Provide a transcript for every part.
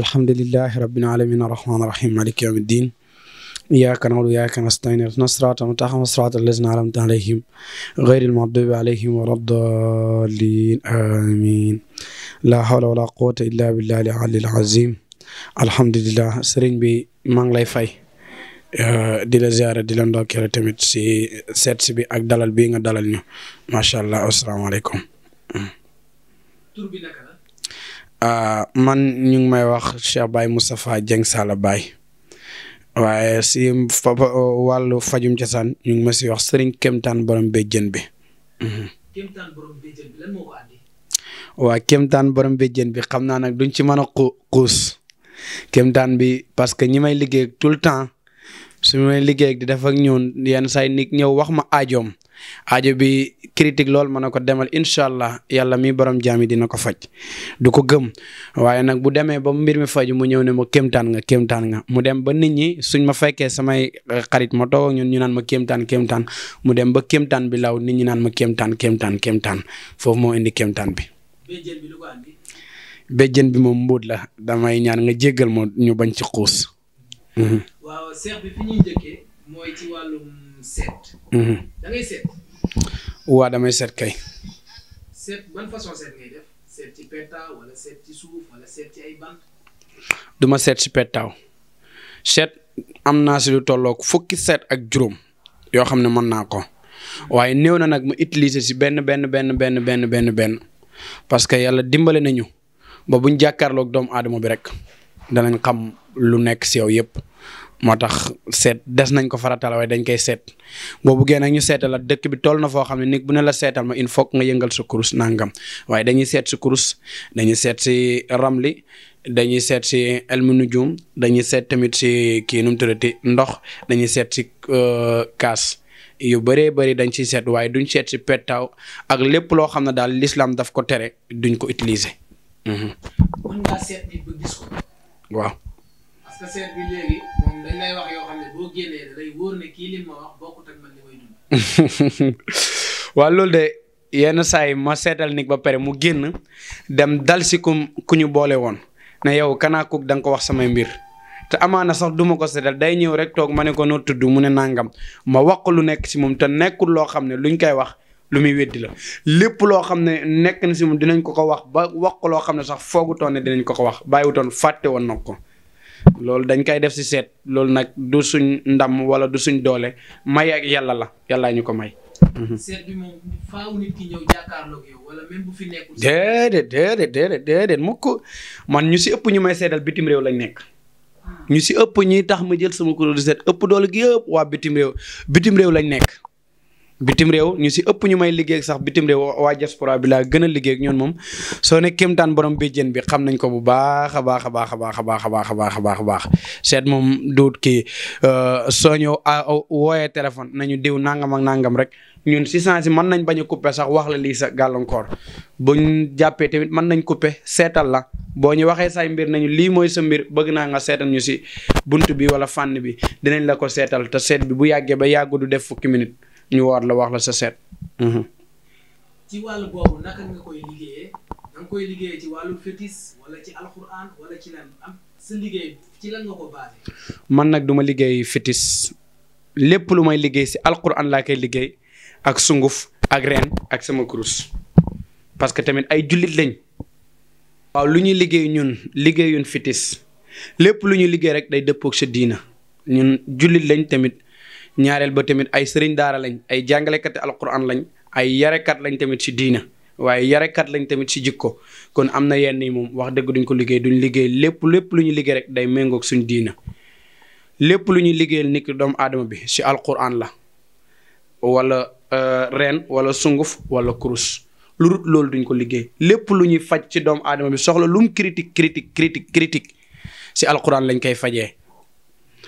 alhamdulillahi rabbil alamin arrahman arrahim maliki yawmi ddin iyyaka na'budu wa iyyaka nasta'in ihdinas sirata al-mustaqima siratal ladzina an'amta alayhim ghayril maghdubi alayhim waladdallin amin la hawla wala quwwata illa billahi al-'aliyyil 'azim alhamdulillah sëriñ bi maa ngi lay fay eh, di la ziyaara di la ndokkeel tamit si seet si bi ak dalal bii nga dalal ñu macha allah asalaamaaleykum mm. Ah, man ñu ngi may wax Cheikh Baye Moustapha Dieng Sala Baye waaye si faba wàllu fajum cosaan ñu ngi ma si wax sëriñ Kemtaan borom béjjën jën mhm. bi lan moo ko andi. waa Kemtaan borom béjjën bi xam naa nag duñ ci mën a xu xuus Kemtaan bi parce que ñi may liggéey tout le temps su may liggéey di def ak ñoom yenn saa yi ñëw wax ma aajoom aajo bi critique lool mën na ko demal incha allah yàlla mi borom jaam yi dina ko faj du ko gëm waaye nag bu demee ba mbir mi faju mu ñëw ne ma kéemtaan nga kéemtaan nga mu dem ba nit ñi suñ ma fekkee samay eh, xarit ma toog ñun ñu naan ma kéemtaan kéemtaan mu dem ba kéemtaan bi law nit ñi naan ma kéemtaan kéemtaan kéemtaan foofu moo indi kéemtaan bi. jën bi moom mbuut la damay ñaan nga jéggal ma ñu bañ ci xuus. seet. Mhm. da ngay seet. waa damay seet kay. seet seet ci pettaaw seet am naa si lu tollook fukki seet ak juróom yoo xam ne mën naa ko waaye néew na nag ma utiliser si benn benn benn benn benn benn benn parce que yàlla dimbale nañu ba buñ jàkkaarloog doomu aadama bi rek danañ xam lu nekk si yow yëpp. moo tax seet des nañ ko faratal waaye dañ koy seet boo buggee nag ñu seetal la dëkk bi toll na foo xam ne nit bu ne la seetal ma il faut nga yëngal sa kurus nangam waaye dañuy seet si kurus dañuy seet si ramli dañuy seet si elmu nujum dañuy seet tamit si kii nu mu ndox dañuy seet si euh, kaas yu bëree bëri dañ ciy seet waaye duñ seet si pettaaw ak lépp loo xam ne daal l'islam daf ko tere duñ ko utiliser. Mhm. lay wax loolu de yenn saa yi ma seetal nit ba pare mu génn dem dal si ku ku ñu boole woon ne yow kanaa kuk da nga ko wax samay mbir. te amaana sax duma ko seetal day ñëw rek toog ma ne ko noo tudd mu ne nangam ma wax lu nekk si moom te nekkul loo xam ne luñ koy wax lu muy weddi la lépp loo xam ne nekk na si moom dinañ ko ko wax ba wax ko loo xam ne sax foogu foogutoon ne dinañ ko ko wax bàyyiwutoon fàtte woon na ko. loolu dañ koy def si seet loolu nag du suñ ndam wala du suñ doole may ak yàlla la yàlla ñu ko may. Mhm. seet bi moom faaw nit ki ñëw jàkkaarloog mukk man ñu si ëpp ñu may seddal bitim réew lañ nekk. Hmm. ñu si ëpp ñi tax ma jël suma kuréel di seet ëpp doole gi yëpp waa bitim réew bitim réew lañ nekk. bitim réew ñu si ëpp ñu may liggéey sax bitim réew waa diaspora bi laa gën a liggéey ak ñoon moom soo ne kéemtaan borom béjjén bi xam nañ ko bu baax a baax a baax a baax a baax a baax a baax a baax baax seet moom duut kii euh, soo ñëw wooyee téléphone nañu diw nangam nangam rek ñun si sensi mën nañ bañ a sax wax la lii sa gàllankoor buñ jàppee tamit mën nañ couper seetal la boo ñu waxee say mbir nañu lii mooy sa mbir bëgg naa nga seetal ñu si bunt bi wala fànn bi dinañ la seetal te seet bi bu yàggee ba yàggu du def fukki minute ñu waat la wax la sa seet. Mhm. ci wàll boobu naka nga koy liggéeyee da koy liggéeyee ci wàllu fétis wala ci alxuraan wala ci liggéey ci nag du liggéey fétis lépp lu may liggéey si alxuraan laa koy liggéey ak sunguf ak reen ak sama kurus parce que tamit ay jullit lañ. waaw lu ñuy liggéey ñun liggéeyuñ fitis lépp lu ñuy liggéey rek day dëppoog sa diina ñun jullit lañ tamit ñaareel ba tamit ay sëriñ daara lañ ay jàngalekati alquran lañ ay yarekat lañ tamit ci diina waaye yarekat lañ tamit ci jikko kon am na yenn yi moom wax dëgg duñ ko liggéey duñ liggéey lépp lépp lu ñu liggéey day méngoog suñ diina lépp lu ñuy liggéeyal nit doomu aadama bi ci alquran la wala euh, reen wala sunguf wala kurus lu loolu duñ ko liggéey lépp lu ñuy faj ci doomu aadama bi soxla lum critique critique critique critique ci alquran lañ koy fajee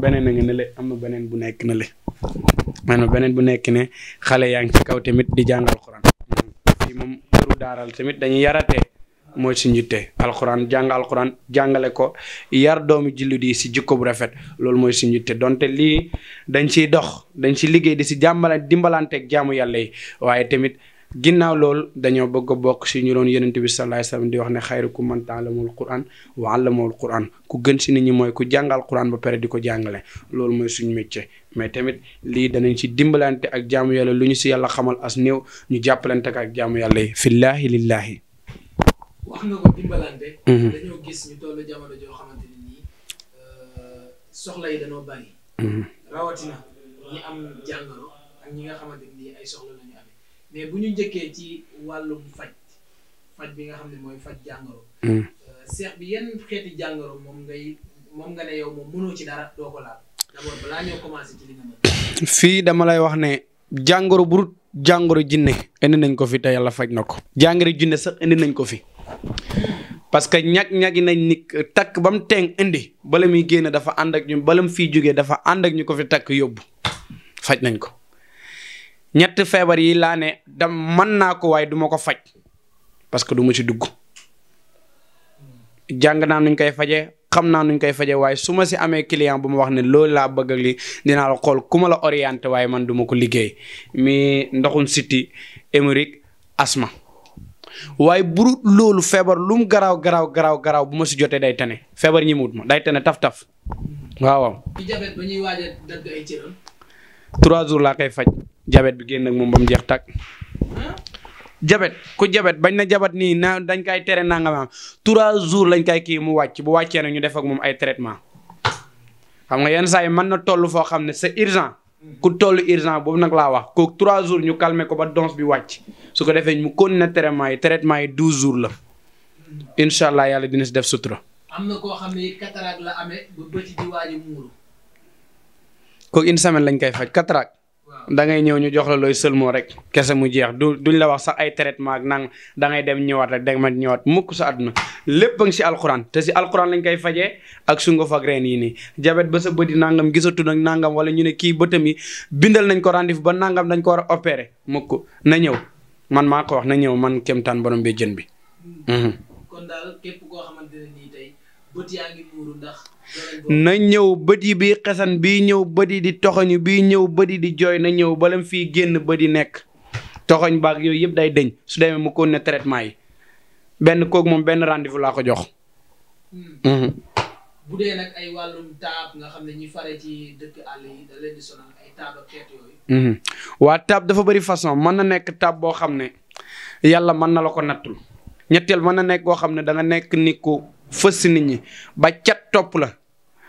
beneen a ngi ne am ma beneen bu nekk na le maanaam beneen bu nekk ne xale yaa ngi ci kaw tamit di jàng alxuraan fii moom këru daaral tamit dañuy yarate mooy su njuute alxuraan jàng alxuraan jàngale ko yar doomu jullit yi si jikko bu rafet loolu mooy su njuute donte lii dañ ciy dox dañ ci liggéey di si jàmbale dimbalanteeg jaamu yàlla yi waaye tamit ginnaaw loolu dañoo bëgg a bokk si ñu doon yonent bi sallallahu alayhi wasallam di wax ne ku man ta'allamul quran wa 'allamahul quran ku gën si ni ñi mooy ku jàngal quran ba pare di ko jàngale loolu mooy suñu métier mais tamit lii danañ si dimbalante ak jàmm yàlla lu ñu si yàlla xamal as néew ñu jàppalante ak jaamu yàlla yi fillaahi lillaahi wax nga ko dimbalante. Mhm. dañoo gis bu ñu njëkkee ci wàllum bi nga xam ne mooy faj jàngoro. Hmm. Euh, bi yenn xeeti jàngoro moom ngay fii dama lay wax ne jàngoro burut jàngoro jinne indi nañ ko fi te yàlla faj na ko. jàngoro jinne sax indi nañ ko fi. parce que ñag-ñagi nañ ni takk ba mu teeng indi bala muy génn dafa ànd ak ñu bala mu jóge dafa ànd ak ñu ko fi takk yóbbu faj nañ ko. ñett feebar yi laa ne dam man naa ko waaye duma ko faj parce que du ma ci dugg jàng naa nuñ koy faje xam naa nuñ koy faje waaye su ma si amee client bu ma wax ne loolu laa bëgg ak li dinaa la xool ku ma la orienté waaye man duma ko liggéey mi ndoxum siti émérique asma waaye burut loolu feebar lum garaaw garaaw garaaw garaaw bu ma si jotee day tane feebar ñi muut ma day tane taf-taf waaw trois jours laa koy faj. jabet bi génn nag moom ba mu jeex tag jabet ku jabet bañ na jabat nii na dañ koy tere nangam trois jours lañ koy kii mu wàcc bu wàccee na ñu def ak moom ay traitement xam nga yenn saa yi mën na toll foo xam ne c'est urgent ku toll urgent boobu nag laa wax kooku trois jours ñu calmer ko ba dons bi wàcc su ko defee mu na traitement yi traitement yi douze jours la incha yàlla dina si def sutura. am na koo xam ne la amee ba bët une semaine lañ koy faj cataracte. da ngay ñëw ñu jox la looy sëlmoo rek kese mu jeex du duñ la wax sax ay traitement ak nang da ngay dem ñëwaat rek dem ñëwaat mukk sa àdduna lépp a ngi si alxuraan te si alxuraan lañ koy fajee ak sunguf ak reen yi nii jabet ba sa bët yi nangam gisatu nag nangam wala ñu ne kii bëtam yi bindal nañ ko rendez-vous ba nangam dañ ko war a opéré mukk na ñëw man maa ko wax na ñëw man kemtaan borom bee jën bi. Mhm. na ñëw bët yi bii xesan bii ñëw bët yi di toxoñu bii ñëw bët yi di jooy na ñëw balam fii génn bët yi nekk toxoñ baag yooyu yëpp day dëñ su demee mu kon ne traitement yi benn kooku moom benn rendez-vous laa ko jox. Hmm. Mhm. ay wàllum nga xam ne ñi fare ci mhm. waa taab dafa bëri façon mën na nekk taab boo xam ne yàlla mën na la ko nattul ñetteel mën na nekk koo xam ne da nekk nit ku fës si nit ñi ba cat topp la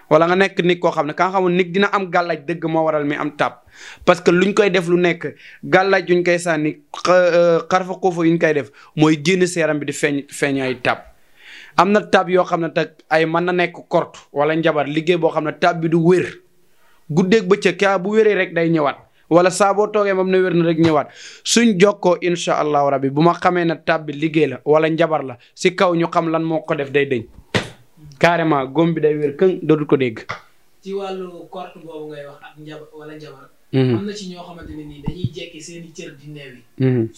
wala nga nekk nit koo xam ne ka nga xamul nit dina am gàllaaj dëgg moo waral mi am tàpp parce que ñu koy def lu nekk gàllaaj yuñ koy sànni euh, xarfa xuufa ñu koy def mooy génn seeram bi di feeñ feeñ ay am na tàpp yoo xam ne te ay mën na nekk kort wala njabar liggéey boo xam ne tàpp bi du wér guddeeg bëccëg kaa bu wéree rek day ñëwaat wala saa boo toogee moom ne wér na rek ñëwaat suñ jokkoo incha allahu rabbi bu ma xamee na tàbbi liggéey la wala njabar la si kaw ñu xam lan moo ko def day dëñ carrément góom bi day wér këng dootul ko dégg. ci wàllu korte ngay wax ak wala njabar. Mhm. am na i cër di mhm.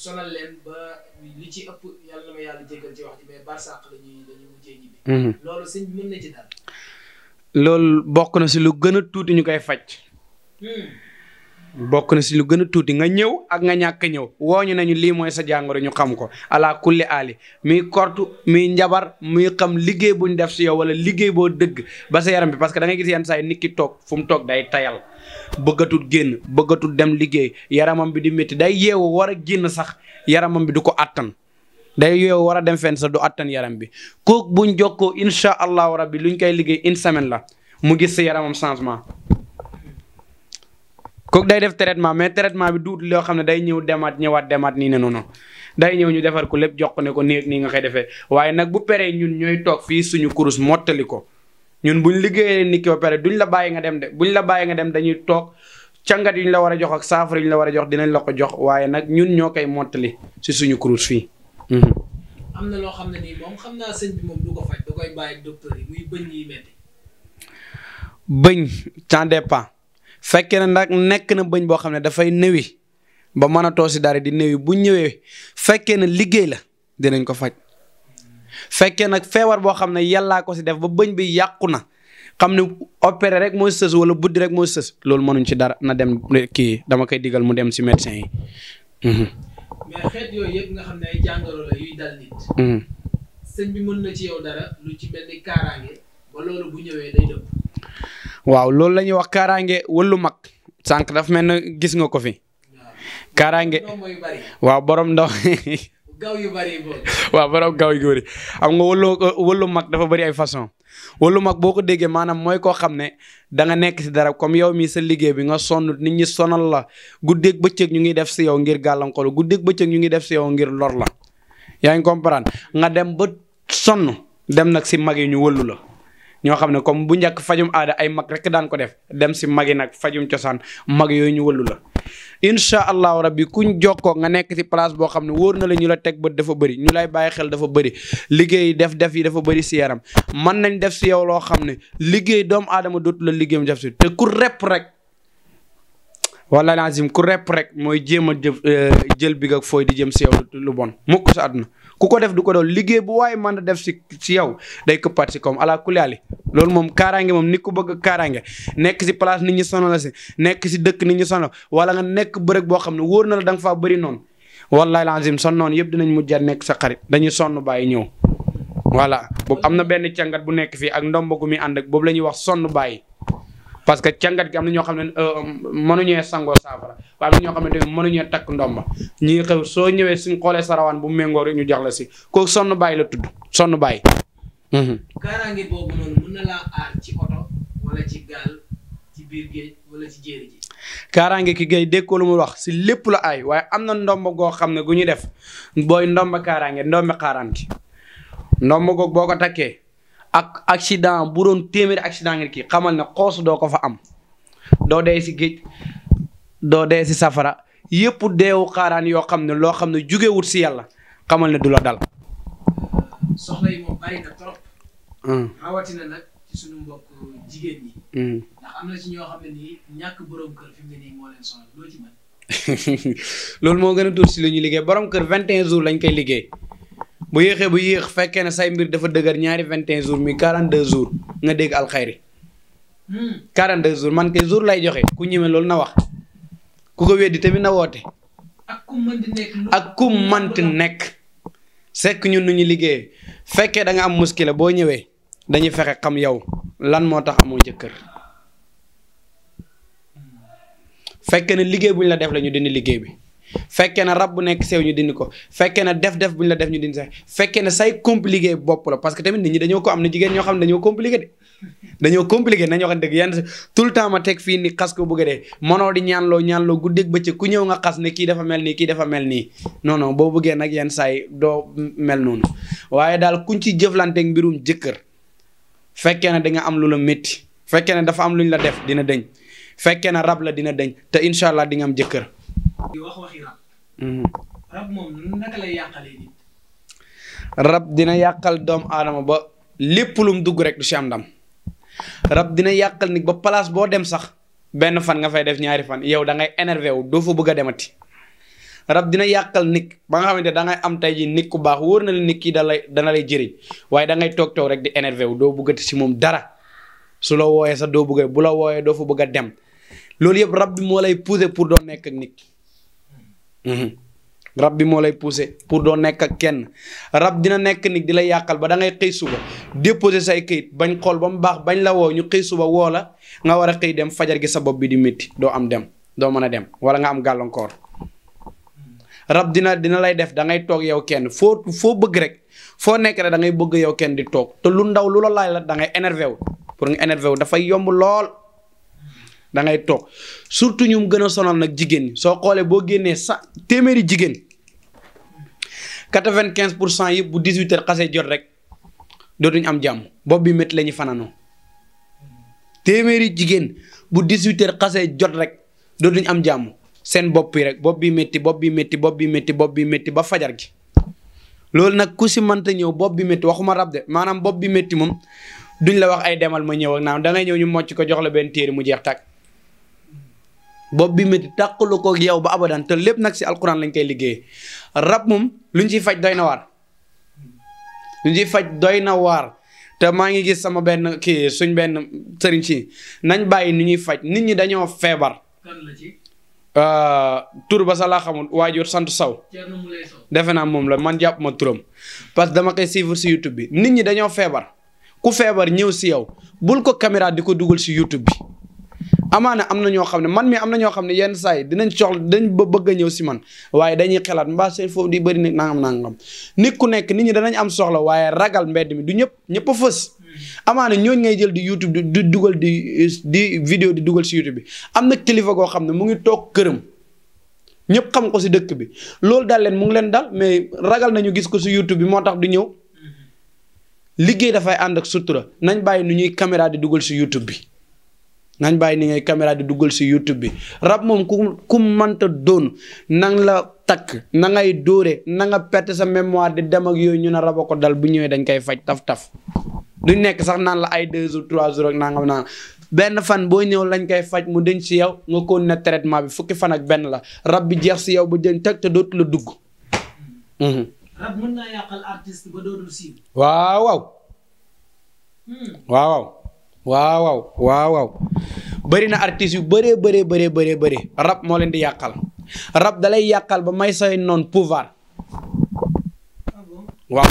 ba li ci ëpp yàlla na ma yàlla jéggal ci wax ji mais barsàq lañuy dañuy mujjee ñibbi. Mhm. loolu sëñ mën loolu bokk na si lu gën a tuuti ñu koy faj. Hmm. bokk na si lu gën a tuuti nga ñëw ak nga ñàkk ñëw wooñu nañu lii mooy sa jàngoro ñu xam ko ala kulli aali muy kortu muy njabar muy xam liggéey bu ñu def si yow wala liggéey boo dëgg ba sa yaram bi parce que da ngay gis yenn saa nit ki toog fu mu toog day tayal bëggatul génn bëggatul dem liggéey yaramam bi di métti day yeewu war a génn sax yaramam bi du ko attan day yeewu war a dem fenn sax du attan yaram bi kooku buñ jokkoo incha allahu rabbi ñu koy liggéey une semaine la mu gis sa yaramam changement kooku day def traitement mais traitement bi duut loo xam ne day ñëw demaat ñëwaat demaat nii ne noonu day ñëw ñu defar ko lépp jox ko ne ko nii nii nga koy defee waaye nag bu peree ñun ñooy toog fii suñu kurus mottali ko ñun buñ liggéeyee nit ki pare duñ la bàyyi nga dem de buñ la bàyyi nga dem dañuy toog cangat yu ñu la war a jox ak saafara la war a jox dinañ la ko jox waaye nag ñun ñoo koy mottali si suñu kurus fii. Mhm. am na loo xam ne nii moom xam naa sëñ moom ko koy bàyyi docteur yi muy bëñ yi metti. fekkee na nag nekk na bëñ boo xam ne dafay néwi ba mën a toosi daara di néwi bu ñëwee fekkee ne liggéey la dinañ ko faj fekkee nag feebar boo xam ne yàllaa ko si def ba bëñ bi yàqu na xam ne opéré rek mooy sës wala buddi rek mooy sës loolu mënuñ ci dara na dem kii dama koy digal mu dem si médecin yi. Mhm. mais xeet xam ne ay jàngoro la mhm. sëñ bi mën na ci yow dara lu ci mel kaaraange ba loolu bu ñëwee day dëpp. waaw loolu la ñuy wax kaaraange wallu mag sànq daf mel ne gis nga ko fi. kaaraange waaw borom ndox. gaw yu bëri waaw borom gaw yu bëri xam nga wëllu wëllu mag dafa bëri ay façon wallu mag boo ko déggee maanaam mooy koo xam ne da nga nekk si dara comme yow mii sa liggéey bi nga sonn nit ñi sonal la guddeeg bëccëg ñu ngi def si yow ngir gàllankoor guddeeg bëccëg ñu ngi def si yow ngir loor la yaa ngi comprendre nga dem ba sonn dem nag si mag yi ñu wëllu la. ñoo xam ne comme bu njëkk fajum aada ay mag rekk daan ko def dem si magi nag fajum cosaan mag yooyu ñu wëllu la incha allahu rabbi kuñ jokkoo nga nekk si place boo xam ne wóor na la ñu la teg bët dafa bëri ñu lay bàyyi xel dafa bëri liggéey def def yi dafa bëri si yaram mën nañ def si yow loo xam ne liggéey doomu aadama dootu la liggéeyam def si te ku rep rek wala lazim ku rep rek mooy jéem a jëf euh, jël bi nga fooy di jëm si yow lu bon mukk sa àdduna ku ko def du ko doon liggéey bu waaye man a def si si yow day këppaat si koom ala kuliali loolu moom kaaraange moom nit ku bëgg kaaraange nekk si place nit ñi sono la si nekk si dëkk nit ñi sono wala nga nekk bërëg boo xam ne wóor na la danga nga faa bëri noonu wallahi lazim son noonu yëpp dinañ mujjee nekk sa xarit dañuy sonn bàyyi ñëw voilà boobu am na benn càngat bu nekk fii ak ndombagu mi ànd ak boobu la ñuy wax sonn bàyyi parce que cangat gi am na ñoo xam ne euh, mënuñee sangoo saafara waaye am ñoo xam ne mënuñee takk ndomba ñii xew soo ñëwee suñ xoolee sarawaan bu méngoo rek ñu jox si kooku sonnu bàyyi la tudd sonnu bàyyi. Mhm. kaaraange biir géej wala ci ki ngay déggoo lu wax si lépp la ay waaye am na ndomba goo xam ne gu ñu def booy ndomba kaaraange ndomba xaaraan ki ndomba googu boo ko takkee. ak accident bu doon téeméeri accident ngeen kii xamal ne xoos doo ko fa am doo dee si géej doo dee si safara yépp deewu xaaraan yoo xam ne loo xam ne jugewut si yàlla xamal ne du la dal. soxla na hmm. suñu mbokk jigéen ñi. Hmm. ndax ñàkk borom kër fi moo loolu moo gën a tuuti si lu ñuy liggéey borom kër 21 jours lañ koy liggéey. bu yéexee bu yéex fekkee ne say mbir dafa dëgër ñaari vingt et un jours mi quarante deux jours nga dégg alxayri hmm. quarante deux jours man kay lay joxe ku ñeme loolu na wax ku ko weddi tamit na woote. ak ku mënti nekk nekk. sekk ñu nu ñuy liggéeyee fekkee da nga am muskila boo ñëwee dañuy fexe xam yow lan moo tax amoo jëkkër hmm. fekkee ne liggéey bu ñu la def la ñu dindi liggéey bi. fekkee na rab bu nekk sew ñu dindi ko fekkee na def-def bu ñu la def ñu dindi sax fekkee na say compliqué bopp la parce que tamit nit ñi dañoo ko am na jigéen ñoo xam ne dañoo compliqué de dañoo compliqué nañoo xam dëgg yenn tout le temps ma teg fii ni xas ko bëgg a dee mënoo di ñaanloo ñaanloo guddeeg bëccëg ku ñëw nga xas ne kii dafa mel nii kii dafa mel nii non non boo bëggee nag yenn saay doo mel noonu waaye daal kuñ ci jëflanteeg mbirum jëkkër fekkee na da nga am lu la métti fekkee ne dafa am lu ñu la def dina dëñ fekkee na rab la dina dëñ te incha di nga am jëkkër di wax waxi rab. Mm-hmm. rab dina yàqal doomu aadama ba lépp lum dugg rek du si am ndam rab dina yàqal nit ba palaas boo dem sax benn fan nga fay def ñaari fan yow da ngay énervé wu doo fa bëgg a demati. rab dina yàqal nit ba nga xamante da ngay am tey ji nit ku baax wóor na la nit kii da dana lay jëriñ waaye da ngay toog toog rek di énervé wu doo bëggati si moom dara su la wooyee sax doo bugga bu la wooyee doo fa bëgg a dem loolu yëpp rab bi moo lay poussé pour doo nekk nit. Mhm. rab bi moo lay poussé pour doo nekk ak kenn rab dina nekk nit di lay yàqal ba dangay ngay xëy suba déposé say këyit bañ xool ba mu baax bañ la woo ñu xëy suba woola nga war a xëy dem fajar gi sa bopp bi di métti doo am dem doo mën a dem wala nga am gàllankoor rab dina dina lay def dangay toog yow kenn foo foo bëgg rek foo nekk rek da ngay bëgg yow kenn di toog te lu ndaw lu la laaj la dangay ngay wu pour nga énervé wu dafay yomb lool. da ngay toog surtout ñu gën a sonal nag jigéen ñi soo xoolee boo génnee sa téeméeri jigéen quatre-vingt-quinze pour cent yëpp bu dix-huit heures xasee jot rek dootuñ am jàmm bopp bi métti la ñu fanaanoo téeméeri jigéen bu dix-huit heures jot rek dootuñ am jàmm seen bopp yi rek bopp bi métti bopp bi métti bopp bi métti bopp bi métti ba fajar gi loolu nag ku si mënta ñëw bopp bi métti waxuma rab de maanaam bopp bi métti moom duñ la wax ay demal ma ñëw ak naan da ñëw ñu mocc ko jox la benn téere mu jeex tàkk bopp bi métti tàqalu ko ak yow ba abadan te lépp nag si alquran lañ koy liggéey rab moom luñ ciy faj doy na waar luñ ciy faj doy na waar te maa ngi gis sama benn kii suñ benn sëriñ si nañ bàyyi nu ñuy faj nit ñi dañoo feebar. Euh, tur ba sa laa xamul waajur sant saw defe naa moom la man jàpp ma turam parce que dama koy suivre si YouTube bi nit ñi dañoo feebar ku feebar ñëw si yow bul ko caméra di ko dugal si YouTube bi. amaana am na ñoo xam ne man mii am na ñoo xam ne yenn saa yi dinañ soxla dañ ba bëgg a ñëw si man waaye dañuy xalaat mbaa seen foofu di bëri nag nangam nangam nit ku nekk nit ñi danañ am soxla waaye ragal mbedd mi du ñëpp ñëpp a fës amaana ñooñu ngay jël di YouTube di dugal di di vidéo di dugal si YouTube bi am na kilifa goo xam ne mu ngi toog këram ñëpp xam ko si dëkk bi loolu daal leen mu ngi leen dal mais ragal nañu gis ko si YouTube bi moo tax du ñëw mm-hmm. liggéey dafay ànd ak sutura nañ bàyyi nu ñuy caméra di dugal si YouTube bi nañ bàyyi ni ngay caméra di duggal si YouTube bi rab moom ku ku manta doon nang la takk na ngay dóore na nga perte sa mémoire di dem ak yooyu ñu ne rab a dal bu ñëwee dañ koy faj taf-taf du nekk sax naan la ay deux jours trois jours ak nangam naan benn fan boo ñëw lañ koy faj mu denc si yow nga ko ne traitement bi fukki fan ak benn la rab bi jeex si yow bu jën teg te dootu la dugg. Mhm. rab waaw waaw. Hmm. waaw waaw waaw waaw bëri na artistes yu bëree bëree bëree bëree bëri rab moo leen di yàqal rab dalay yàqal ba may say noon pouvoir ah waaw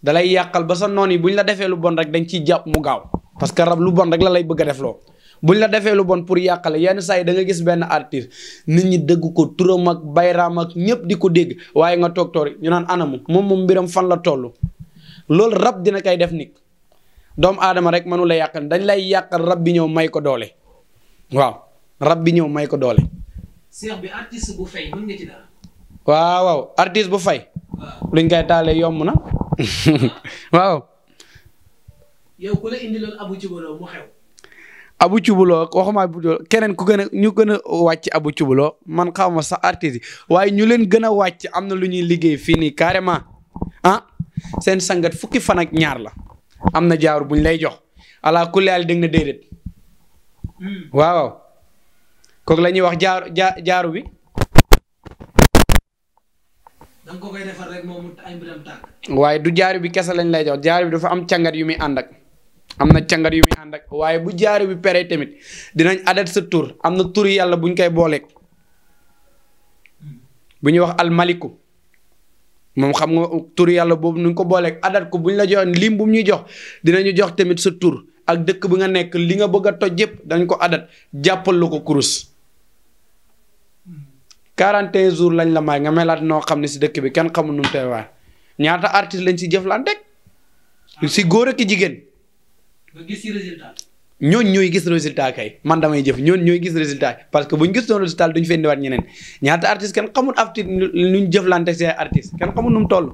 dalay yàqal ba sa noon yi bu ñu la defee lu bon rek dañ ciy jàpp mu gaaw parce que rab lu bon rek la lay bëgg a defloo bu buñ la defee lu bon pour yàqale yenn saa yi da nga gis benn artiste nit ñi dëgg ko turam ak bayraam ak ñëpp di ko dégg waaye nga toog toori ñu naan anamu moom moom mbiram fan la toll loolu rab dina kay def nit doomu aadama rek mënu la yàqal dañ lay yàqal rab bi ñëw may ko doole waaw rab bi ñëw may ko doole. seex bi artiste bu fay waaw waaw bu fay. luñ koy taalee yomb na waaw. yow ku la indiloon Abu Cubuloo waxuma Abu Cubuloo keneen ku gën a ñu gën a wàcc Abu Cubuloo man xaw ma sax artiste waaye ñu leen gën a wàcc am na lu ñuy liggéey fii nii carrément ah seen sangat fukki fan ak ñaar la. am na jaaru buñ lay jox ala kulli aal dégg na déedéet hmm. waaw kook la ñuy wax jaaru ja jaaru bi. da waaye du jaaru bi kese lañ lay jox jaaru bi dafa am càngat yu muy ànd ak am na cangat yu muy ànd waaye bu jaaru bi peree tamit dinañ adat sa tur am na tur yàlla buñ koy booleeg hmm. bu ñuy wax almaliku. moom xam nga tur yàlla boobu nu ko booleeg adat ko bu ñu la joxoon lim bu mu ñuy jox dinañu jox tamit sa tur ak dëkk ba nga nekk li nga bëgg a toj yëpp dañ ko adat jàppal la ko kurus. 41 jours lañ la may nga melaat noo xam ne si dëkk bi kenn xamul nu mu tey ñaata artiste lañ si jëflante ah. si góor ak jigéen. ñooñ ñooy gis résultat kay man damay jëf ñooñ ñooy gis résultat parce que bu ñu gisoon résultat duñu fee indiwaat ñeneen ñaata artiste kenn xamul ñu luñ jëflante si artiste kenn xamul nu mu toll.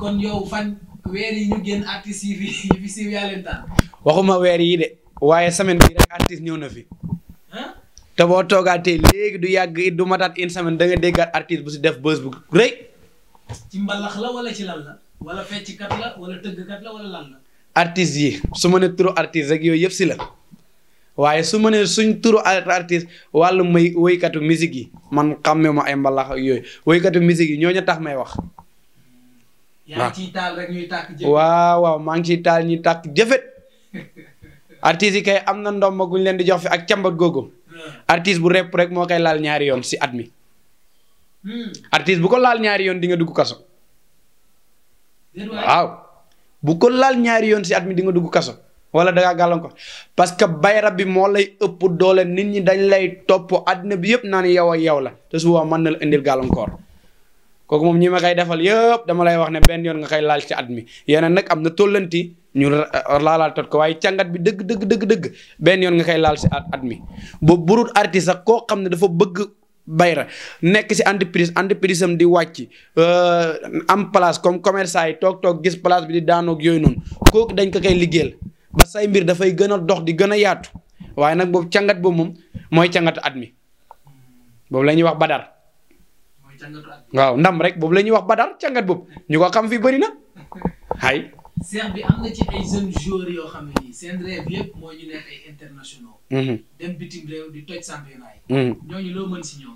kon yow fan weer yi ñu génn artiste yi fi yi fi siiw yaa waxuma weer yi de waaye semaine bi rek artiste ñëw na fi. te boo toogaatee léegi du yàgg du mataat une semaine da nga déggaat artiste bu si def bës bu rëy. ci mbalax la wala ci lal la. wala fecckat la wala la wala yi su ma ne turu artiste rek yooyu yëpp si la. waaye su ma nee suñ turu artiste wàllu may woykatu musique yi man xam ma ay mbalax yooyu woykatu musique yi ñooñu tax may wax. yaa ngi waaw waaw maa ngi ciy taal ñuy takk jëfet artistes kay am na ndomba gu ñu leen di jox fi ak cambat googu. Hmm. artiste bu rep rek moo koy laal ñaari yoon si at mi. Hmm. artiste bu ko laal ñaari yoon di nga dugg kaso. waaw bu ko laal ñaari yoon si at mi di nga dugg kaso. wala dangaa gàllankoor parce que bayra bi moo lay ëpp doole nit ñi dañ lay topp àddina bi yëpp naan yow ak yow la te suba mën na la indil gàllankoor kooku moom ñii ma koy defal yëpp dama lay wax ne benn yoon nga kay laal si at mi yeneen nag am na tollanti ñu laalaal tot ko waaye càngat bi dëgg dëgg dëgg benn yoon nga koy laal ci at mi ba burut artiste sax koo xam ne dafa bëgg bayra nekk si entreprise entreprise am di wàcc euh, am place comme commerçant yi toog toog gis place bi di daanoog yooyu noonu kooku dañ ko koy liggéeyal ba say mbir dafay gën a dox di gën a yaatu waaye nag boobu càngat boobu moom mooy càngatu at mi boobu la ñuy wax badar waaw ndam rek boobu la wax badar càngat boobu ñu ko xam fi bari na ay jeunes joueurs yoo xam ne nii seen si mhm. mhm.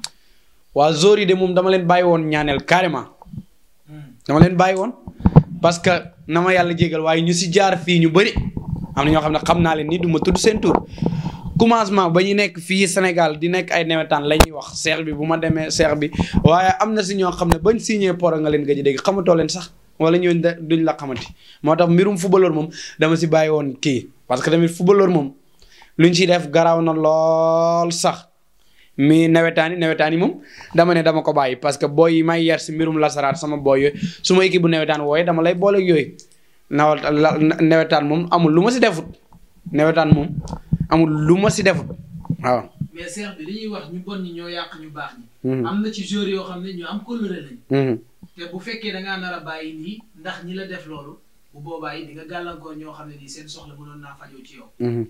waa joueurs yi de moom dama leen bàyyi woon ñaaneel carrément. Mhm. dama leen bàyyi woon parce na ma yàlla jégal waaye ñu si jaar fii ñu bari am na ñoo xam ne xam naa leen ni duma ma tudd seen tur commencement ba ñu nekk fii Sénégal di nekk ay nawetaan la ñuy wax seex bi bu ma demee seex bi waaye am na si ñoo xam ne bañ signé poro nga leen gëj a dégg xamatoo leen sax wala ñooñu duñ la xamati moo tax mbirum footballeur moom dama si bàyyi woon kii parce que tamit footballeur moom lu ñu si def garaaw na lool sax mi nawetaan yi nawetaan yi moom dama ne dama ko bàyyi parce que booy yi may yar si sama booy yooyu su ma bu nawetaan wooye dama lay boole yooyu nawal nawetaan moom amul lu ma si defut nawetaan moom amul lu ma si defut waaw. mais Cheikh bi li ñuy wax ñu bon ñi ñoo yàq ñu baax ñi. Mhm. am na ci joueurs yoo xam ne ñu am kóllëre mhm. te bu fekkee da ngaa nar a bàyyi nii ndax ñi la def loolu bu boobaay yi di nga ñoo xam ne nii seen soxla mënoon naa fajoo ci yow. Mhm.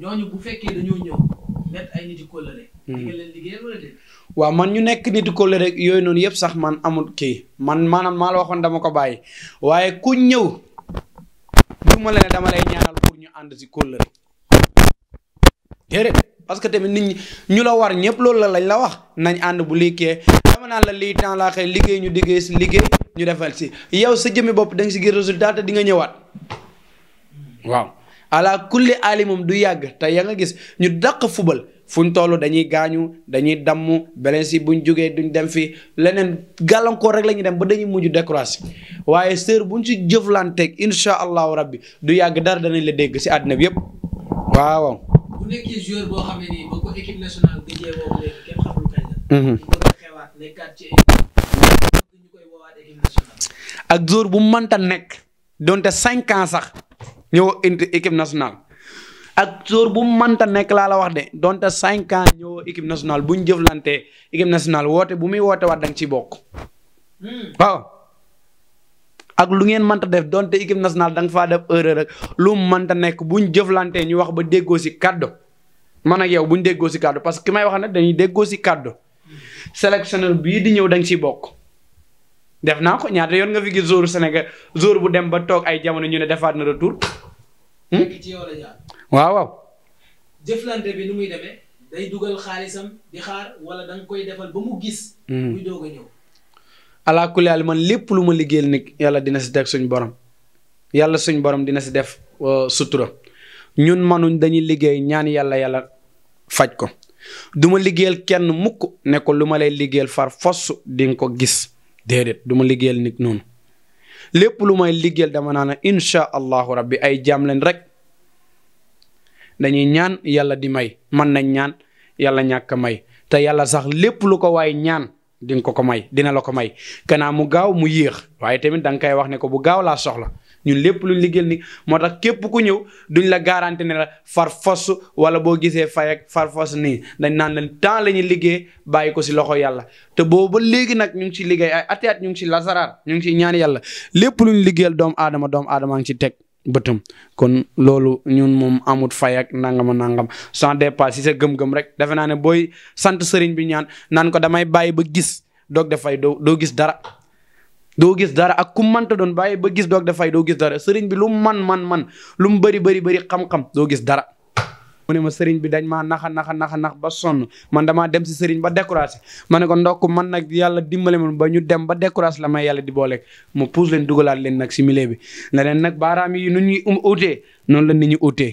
ñooñu bu fekkee dañoo ñëw net ay nit yu kóllëre. man ñu nekk nit yu kóllëre yooyu noonu yëpp sax man amul kii man maanaam maa la waxoon dama ko bàyyi waaye ku ñëw. du ma la ne dama lay ñaanal pour ñu ànd si kóllëre déedéet parce que tamit nit ñu la war ñëpp loolu la lañ la wax nañ ànd bu liggéey dama naan la lii temps laa xëy liggéey ñu diggéey si liggéey ñu defal si yow sa jëmmi bopp da si gis résultat te di nga ñëwaat waaw ala kulli aali du yàgg te ya nga gis ñu dàq fubal fu ñu toll dañuy gaañu dañuy damm beneen si buñ jógee duñ dem fi leneen gàllankoor rek lañuy dem ba dañuy mujj décroissé waaye sœur buñ si jëflanteeg incha allahu rabbi du yàgg dara danañ la dégg si àddina bi yëpp waaw. boo xam ne mhm. ñu koy woowaat équipe ak joueur bu mënta nekk donte cinquant sax ñëw indi équipe nationale. ak jour bu mu mënta nekk laa la wax de donte cinq ans ñëw équipe nationale bu ñu jëflante équipe nationale woote bu muy woote waat danga nga ciy bokk. Hmm. waaw ak lu ngeen mënta def donte équipe nationale da nga faa def erreur rek lu mu mënta nekk bu ñu jëflante ñu wax ba déggoo si kàddu man ak yow bu ñu déggoo si kàddu parce que may wax na dañuy déggoo si kàddu. sélectionneur bii di ñëw da nga bokk. def naa ko ñaata yoon nga fi gis jour Sénégal jour bu dem ba toog ay jamono ñu ne defaat na retour. Hmm? waaw waaw. jëflante bi nu muy demee day dugal xaalisam di xaar wala da koy defal ba mu gis. Hmm. muy doog a ñëw. ala kulli man lépp lu ma liggéeyal nag yàlla dina si teg suñ borom yàlla suñ borom dina si def uh, sutura ñun manuñ dañuy liggéey ñaan yàlla yàlla faj ko duma liggéeyal kenn mukk ne ko lu ma lay liggéeyal far foss di ko gis déedéet du ma liggéeyal nit noonu lépp lu may liggéeyal dama naan incha allahu rabbi ay jaam leen rek. dañuy ñaan yàlla di may mën nañ ñaan yàlla ñàkk may te yàlla sax lépp lu ko waaye ñaan di nga ko ko may dina la ko may kanaa mu gaaw mu yéex waaye tamit da nga koy wax ne ko bu gaaw laa soxla ñun lépp lu liggéeyal ni moo tax képp ku ñëw duñ la garanti ne la far fos wala boo gisee fay ak far fos nii dañ naan leen temps la ñuy liggéey bàyyi ko si loxo yàlla te boobu ba léegi nag ñu ngi si liggéey ay ati at ñu ngi si lasaraar ñu ngi si ñaan yàlla lépp lu liggéeyal doomu aadama doomu aadama ngi ci teg bëtam kon loolu ñun moom amut fay ak nangam a nangam sans si sa gëm-gëm rek defe naa ne booy sant sëriñ bi ñaan naan ko damay bàyyi ba gis doog dafay doo doo gis dara doo gis dara ak ku mënta doon bàyyi ba gis doog dafay doo gis dara sëriñ bi lu man man man lu mu bëri bëri bëri xam doo gis dara ma ne ma sëriñ bi dañ maa a naxa a nax ba sonn man damaa dem si sëriñ ba découragé ma ne ko ndokk man nag yàlla dimbale ma ba ñu dem ba découragé la may yàlla di booleeg mu puus leen dugalaat leen nag si milieu bi ne leen nag baaraam yi nu ñuy um utee noonu la nit ñi utee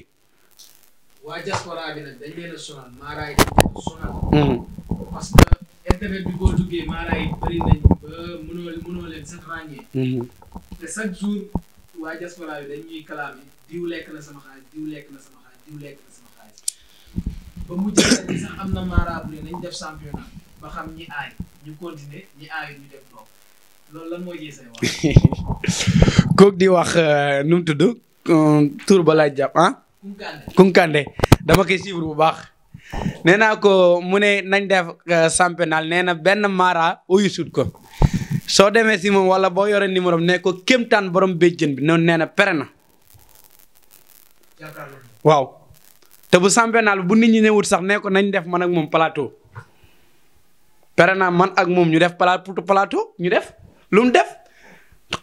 waa diaspora bi nag dañ leen a sonal maaraay dañ leen a sonal hmm. parce que internet bi boo duggee maaraay bëri nañ ba mënoo mënoo leen sax ràññee hmm. te chaque jour diw lekk na sama xaalis diw lekk na sama xaalis diw lekk na sama ba mujj loolu loolu lan mooy wax. kooku di wax euh, nu mu tudd euh, tur ba laaj jàpp ah. Kunkande Kunkande dama koy suivre bu baax. nee naa ko mu ne nañ def euh, championnat nee na benn mara uyu ko soo demee si moom wala boo yore numéro ne ko kéemtaan borom béjjën bi noonu nee na pere na. waaw. te bu championnat bu nit ñi wut sax ne ko nañ def man ak moom plateau pere naa man ak moom ñu def plateau ñu def lu def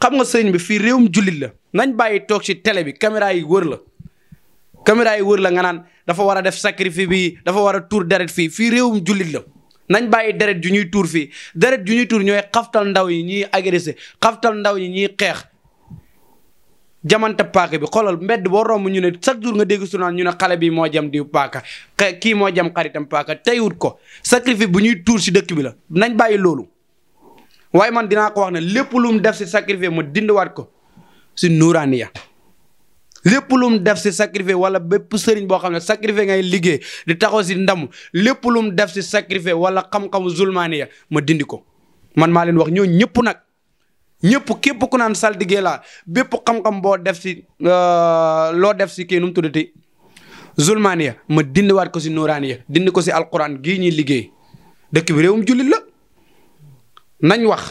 xam nga sëñ bi fii réewum jullit la nañ bàyyi toog ci tele bi caméra yi wër la caméra yi wër la nga naan dafa war a def sacrifice bii dafa war a tuur deret fii fii réewum jullit la nañ bàyyi deret ju ñuy tuur fii deret ju ñuy tuur ñooy xaftal ndaw yi ñuy agressé xaftal ndaw yi ñuy xeex jamante paaka bi xoolal mbedd boo romb ñu ne chaque jour nga dégg su naan ñu ne xale bi moo jam diw paaka kii moo jam xaritam paaka teywut ko sacrifice bu ñuy tuur si dëkk bi la nañ bàyyi loolu waaye man dinaa ko wax ne lépp lum def si sacrifice ma dindiwaat ko si nuuraaniya lépp lu def si sacrifice wala bépp sëriñ boo xam ne sacrifice ngay liggéey di taxaw si ndamu lépp lu mu def si sacrifice wala xam-xamu zulmaaniya ma dindi ko man maa leen wax ñoo ñëpp nag ñëpp képp ku naan saltige laa bépp xam-xam boo def si euh, loo def si kii nu mu tuddati zulmaaniya ma dindiwaat ko si nuuraaniya dindi ko si alquran gii ñuy liggéey dëkk bi réewum jullit la nañ wax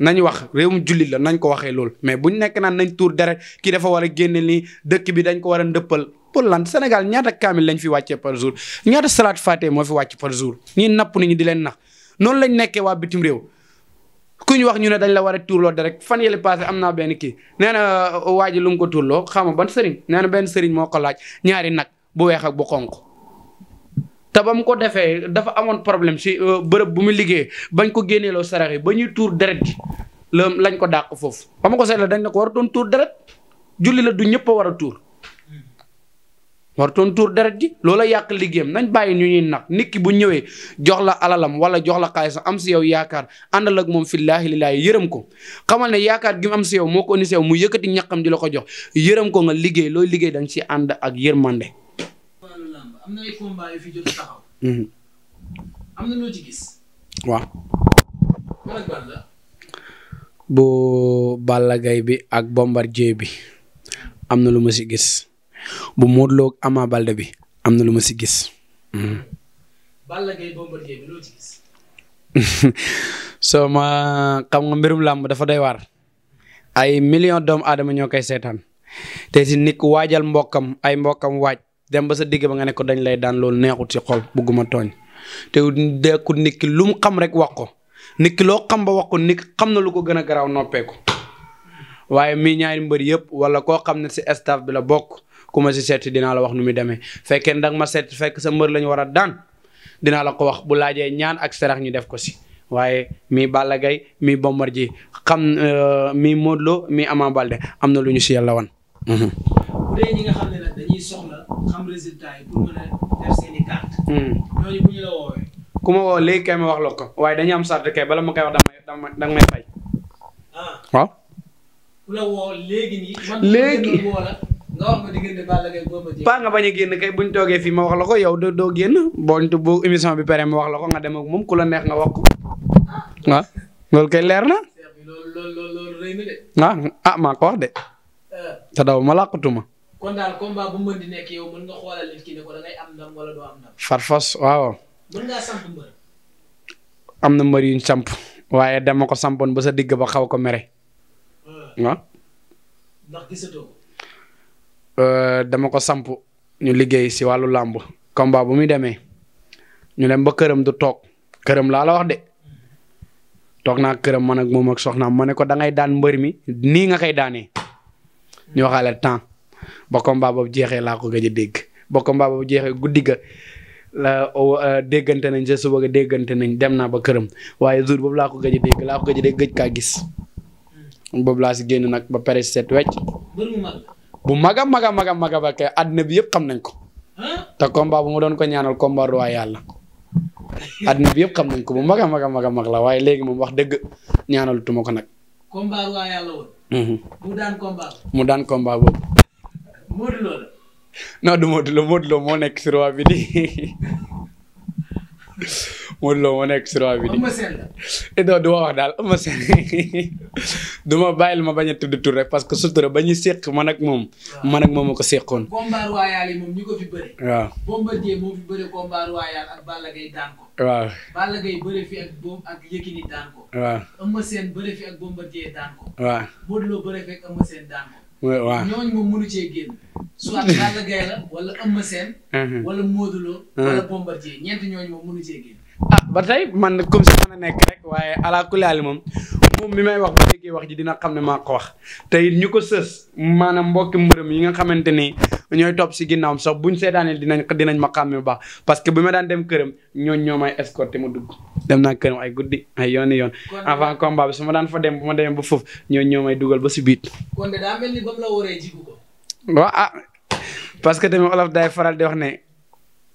nañ wax réewum jullit la nañ ko waxee lool mais buñ nekk naan nañ tuur deret kii dafa war a génne nii dëkk bi dañ ko war a ndëppal pour lan Sénégal ñaata kaamil lañ fi wàccee par jour ñaata salaat faatee moo fi wàcc par jour ñii napp nañu di leen nax noonu lañ nekkee waa bitim réew ku ñu wax ñu ne dañ la war a tuurloo direct fan yële passé am naa benn kii nee na uh, waa ji lu mu ko tuurloo xam nga ban sëriñ nee na benn sëriñ moo ko laaj ñaari nag bu weex ak bu xonq te ba mu ko defee dafa amoon problème si uh, bërëb bu mu liggéeyee bañ ko génneeloo sarax yi ba ñuy tuur deret ji la lañ ko dàq foofu ba ma ko seet la dañ ne ko war a doon tuur deret julli la du ñëpp a war a tuur wartoon tuur deret ji loola yàq liggéeyam nañ bàyyi ñu ñuy nax nit ki bu ñëwee jox la alalam wala jox la xaalisam am si yow yaakaar àndal moom fillaahi lillaahi yërëm ko xamal ne yaakaar gi am si yow moo ko indi si yow mu yëkkati ñaqam di la ko jox yërëm ko nga liggéey looy liggéey da si ànd ak yërmande. am na ay mhm. bi ak Bombardier bi am na lu ma si gis. bu Modou Lo ak Ama bi am na lu ma si gis. Hmm. ci gis. soo ma xam nga mbirum làmb dafa doy waar. ay million doomu aadama ñoo koy seetaan te si nit waajal mbokkam ay mbokkam waaj dem ba sa digg ba nga ne ko dañ lay daan loolu neexut si xol bugguma tooñ te dekkut nit ki lu xam rek wax ko nit ki loo xam ba wax ko nit xam na lu ko gën a garaw noppeeku waaye mii ñaari mbër yëpp wala koo xam ne si staff bi la bokk ku ma si seeti dinaa la wax nu muy demee fekkee ndax ma seet sa mbër la war a daan dinaa la ko wax bu laajee ñaan ak sarax ñu def ko si waaye mii Balla Gaye mii Bombardier xam euh, mii Modou Lo mii am na lu ñu si mhm. mhm. la woowee. ku ma woo léegi wax la ko waaye dañ am sart kay bala ma koy wax danga may danga fay. Ah. waaw. la léegi paa nga bañ a génn kay buñ toogee fii ma wax la ko yow doo doo génn booñ bu émission bi pare ma wax la ko nga dem ak moom ku neex nga wax ko waaw ah. ah. loolu kay leer na. loolu loolu loolu rëy de. Ah, ah maa ko wax de. te daw ma làqutuma. kon daal combat ko da waaw. am na mbër samp waaye dama ko sampoon ba sa digg ba xaw ko mere. waaw. ndax euh, dama ko samp ñu liggéey si wàllu làmb combat bu muy demee ñu dem ba këram du toog këram laa la wax de toog naa këram man ak moom ak soxnaam ma ne ko da ngay daan mbër mi nii nga koy daane ñu waxaale temps ba combat boobu jeexee laa ko gëj a dégg ba combat boobu jeexee guddi ga la euh, déggante nañ sa suba ga déggante nañ dem naa ba këram waaye jour boobu laa ko gëj a dégg laa ko gëj a dégg gëj kaa gis. boobu laa si génn nag ba pare set wecc bu mag a mag a mag a ba kay àddina bi yëpp xam nañ ko te bu ma doon ko ñaanal combat roi yàlla bi yëpp xam nañ ko bu mag a mag a mag la waaye léegi moom wax dëgg ñaanal tuma ko nag. combat roi mhm. mu daan combat. boobu. Modou du Modou Lo moo nekk si roi bi Modou Lo moo nekk si roi bi di eh non du ma wax daal ma bañ a tudd tur rek parce que sutura ba ñu séq man ak moom man ak moom ma ko séqoon combat royal yi moom ñu ko fi bëri waaw Bombardier moom fi bëri combat royal ak Balla Gaye daan daan ko waaw Eumeu Sène bëri fi ak Bombardier daan ko waaw Modou Lo fi ak Eumeu Sène daan ko waaw ñooñu moom mënu cee génn soit Balla Gaye la wala Eumeu Sène uh-huh. wala Modou Lo uh-huh. wala Bombardier ñeent ñooñu moom mënu ba tey man comme si mën a nekk rek waaye ala kulli moom moom mi may wax bu déggee wax ji dina xam ne maa ko wax tey ñu ko sës maanaam mbokki mbërëm yi nga xamante ni ñooy topp si ginnaawam sax buñ seetaanee dinañ dinañ ma xàmme bu baax parce que bi ma daan dem kërëm ñooñ ñoo may escorté ma dugg dem naa këram ay guddi ay yooni yoon avant combat bi su ma daan fa dem bu ma demee ba foofu ñooñ ñoo may dugal ba si biit kon de daa mel ni ah, parce que tamit olof day faral di wax ne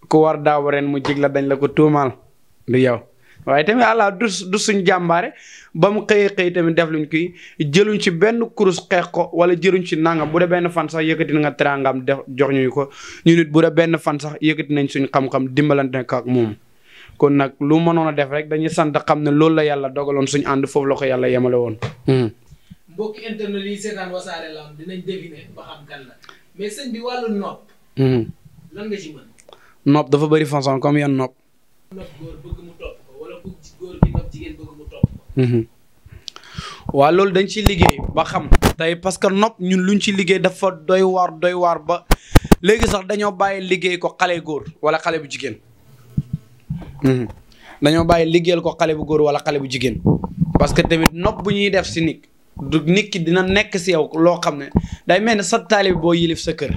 ku war daaw ren mu jig dañ la ko tuumaal du yow waaye tamit allah du du suñ jàmbaare ba mu xëyee xëy tamit def luñ kii jëluñ ci benn kurus xeex ko wala jëluñ ci nangam bu dee benn fan sax yëkkati na nga teraangam def jox ñu ko ñu bu benn fan sax yëkkati nañ suñ xam-xam dimbalante ak moom. kon nag lu mënoon a def rek dañuy sant xam ne loolu la yàlla dogaloon suñ ànd foofu la ko yàlla yemale woon. Hmm. mbokki internet yi seetaan Wassare Lamb dinañ nopp. Hmm. lan nga ci mën. nopp dafa bëri façon comme yan nopp. Mhm. waa loolu dañ ci liggéey ba xam tey parce que nopp ñun luñ ci liggéey dafa doy waar doy waar ba léegi sax dañoo bàyyi liggéey ko xale góor wala xale bu jigéen mhm. dañoo bàyyi liggéeyal ko xale bu góor wala xale bu jigéen parce que tamit nopp bu ñuy def si nit du nit ki dina nekk si yow loo xam ne day mel ni sa taalibe boo yilif sa kër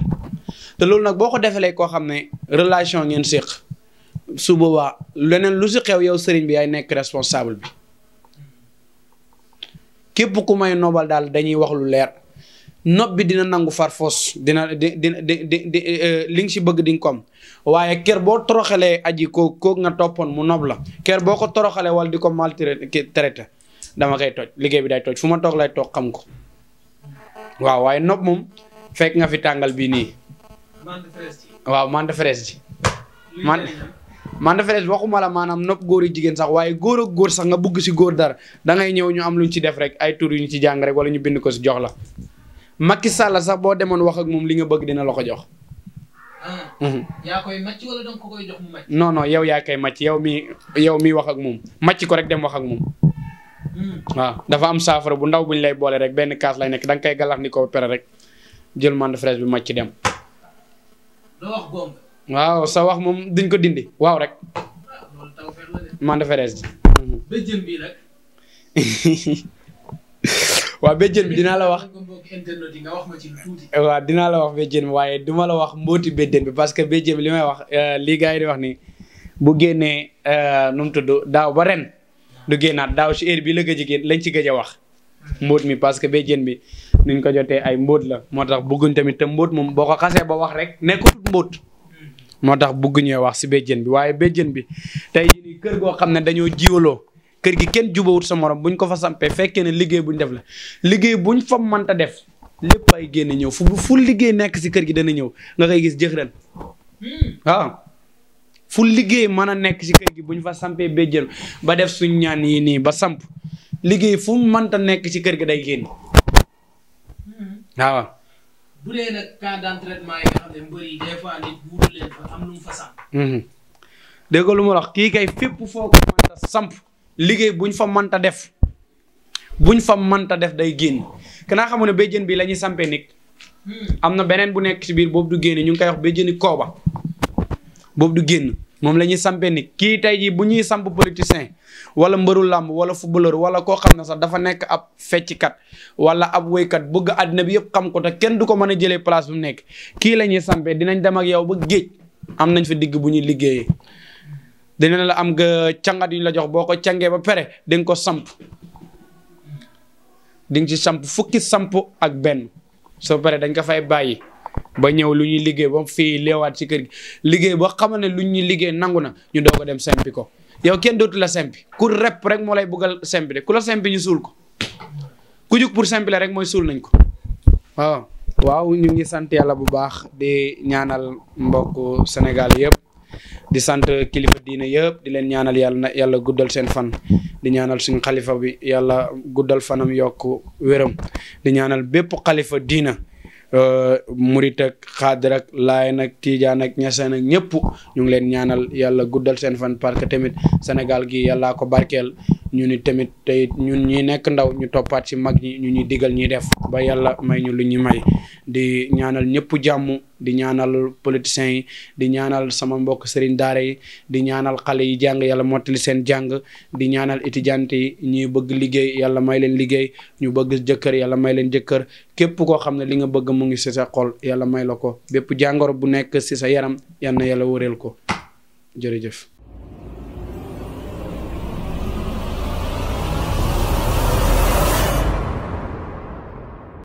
te loolu nag boo ko defalee koo xam ne relation ngeen séq su boobaa leneen lu si xew yow sëriñ bi yaay nekk responsable bi képp ku may nobal daal dañuy wax lu leer nob bi dina nangu farfos dina di di di di eh, li nga si bëgg di nga waaye kër boo toroxalee aji koo koo nga toppoon mu nob la kër boo ko toroxalee wala di ko maltraité dama koy toj liggéey bi day toj fu ma toog lay toog xam ko waaw waaye nob moom fekk nga fi tàngal bi nii waaw mante fraise ji man man defares waxuma la maanaam nopp góor yi jigéen sax waaye góor góor sax nga bugg si góor dara dangay ñëw ñu am luñ ci def rek ay tur yu ñu ci jàng rek wala ñu bind ko si jox la Macky Sall sax boo demoon wax ak moom li nga bëgg dina la ko jox. Ah. Mhm. yaa koy màcc wala yow yaa koy màcc yow mi yow mi wax ak moom màcc ko rek dem wax ak moom. Hmm. waaw dafa am saafara bu ndaw bu ñu lay boole rek benn kaas lay nekk da nga koy galax pere rek jël mande fraise bi macci dem. waaw sa wax moom duñ ko dindi waaw rek. man de Feres ji. béjjën bi nag. waaw béjjën bi dinaa la wax. waaw dinaa la wax be béjjën bi waaye duma la wax mbooti béjjën bi parce que béjjën bi li may wax euh, lii yi di wax ni bu génnee euh, nu mu tudd daaw ba ren. du génnaat daaw si heure bi la gëj a lañ ci gëj a wax. mbóot mi parce que béjjën bi nuñ ko jotee ay mbóot la moo tax bëgguñ tamit te mbóot moom boo ko xasee ba wax rek nekkul mbóot. moo tax bugg wax si béjjën bi waaye béjjën bi tey nii kër goo xam ne dañoo jiwaloo kër gi kenn jubawut sa morom buñ ko fa sampee fekkee ne liggéey buñ def la liggéey buñ fa mënta def lépp ay génn ñëw fu liggéey nekk si kër gi dana ñëw nga gis jëx ren hmm. fu liggéey mën a nekk si kër gi buñ fa sampee béjjën ba def suñ ñaan yi nii ba samp liggéey fu mënta nekk ci kër gi day génn hmm. waaw bu dee nag cas d'entraînement mhm. kii kay fépp foo ko mënta samp liggéey buñ fa mënta def buñ fa mënta def day génn naa xamu ne béjjën bi la ñuy sampee nit hmm. am na beneen bu nekk ci biir boobu du génn ñu ngi koy wax béjjëni kooba boobu du génn. moom la ñuy sampee nit kii tey jii bu ñuy samp politicien wala mbëru làmb wala footballeur wala koo xam ne sax dafa nekk ab fecckat wala ab woykat bëgg àddina bi yëpp xam ko te kenn du ko mën a jëlee place bu mu nekk kii la ñuy sampee dinañ dem ak yow ba géej am nañ fa digg bu ñuy liggéeyee dina la am ga cangat yu la jox boo ko cangee ba pare di nga ko samp ding nga ci samp fukki samp ak benn soo pare dañ ko fay bàyyi ba ñëw lu ñuy liggéey ba fii leewaat ci kër gi liggéey ba xamal ne lu ñuy liggéey nangu na ñu doog a dem sempi ko yow kenn dootu la sempi ku rep rek moo lay buggal sempi de ku ñu suul ko ku pour sempi rek mooy suul nañ ko waaw. waaw ñu ngi sant yàlla bu baax di ñaanal mbokk Sénégal yëpp di sant kilifa diina yëpp di leen ñaanal yàlla na yàlla guddal seen fan di ñaanal suñ xalifa bi yàlla guddal fanam yokk wéram di ñaanal bépp xalifa diina. Euh, murit ak xaadir ak laay nag tiijaan ak ñaseen ak ñëpp ñu ngi leen ñaanal yàlla guddal seen fan parce que tamit Sénégal gi ko barkeel ñu ni tamit tey ñun ñi nekk ndaw ñu toppaat ci mag ñi ñu ñuy digal ñuy def ba yàlla may ñu lu ñu may di ñaanal ñëpp jàmm di ñaanal politiciens yi di ñaanal sama mbokk sëriñ daara yi di ñaanal xale yi jàng yàlla mottali seen jàng di ñaanal étudiante yi ñuy bëgg liggéey yàlla may leen liggéey ñu bëgg jëkkër yàlla may leen jëkkër képp koo xam ne li nga bëgg mu ngi si sa xol yàlla may la ko bépp jàngoro bu nekk si sa yaram yal na yàlla wëreel ko jërëjëf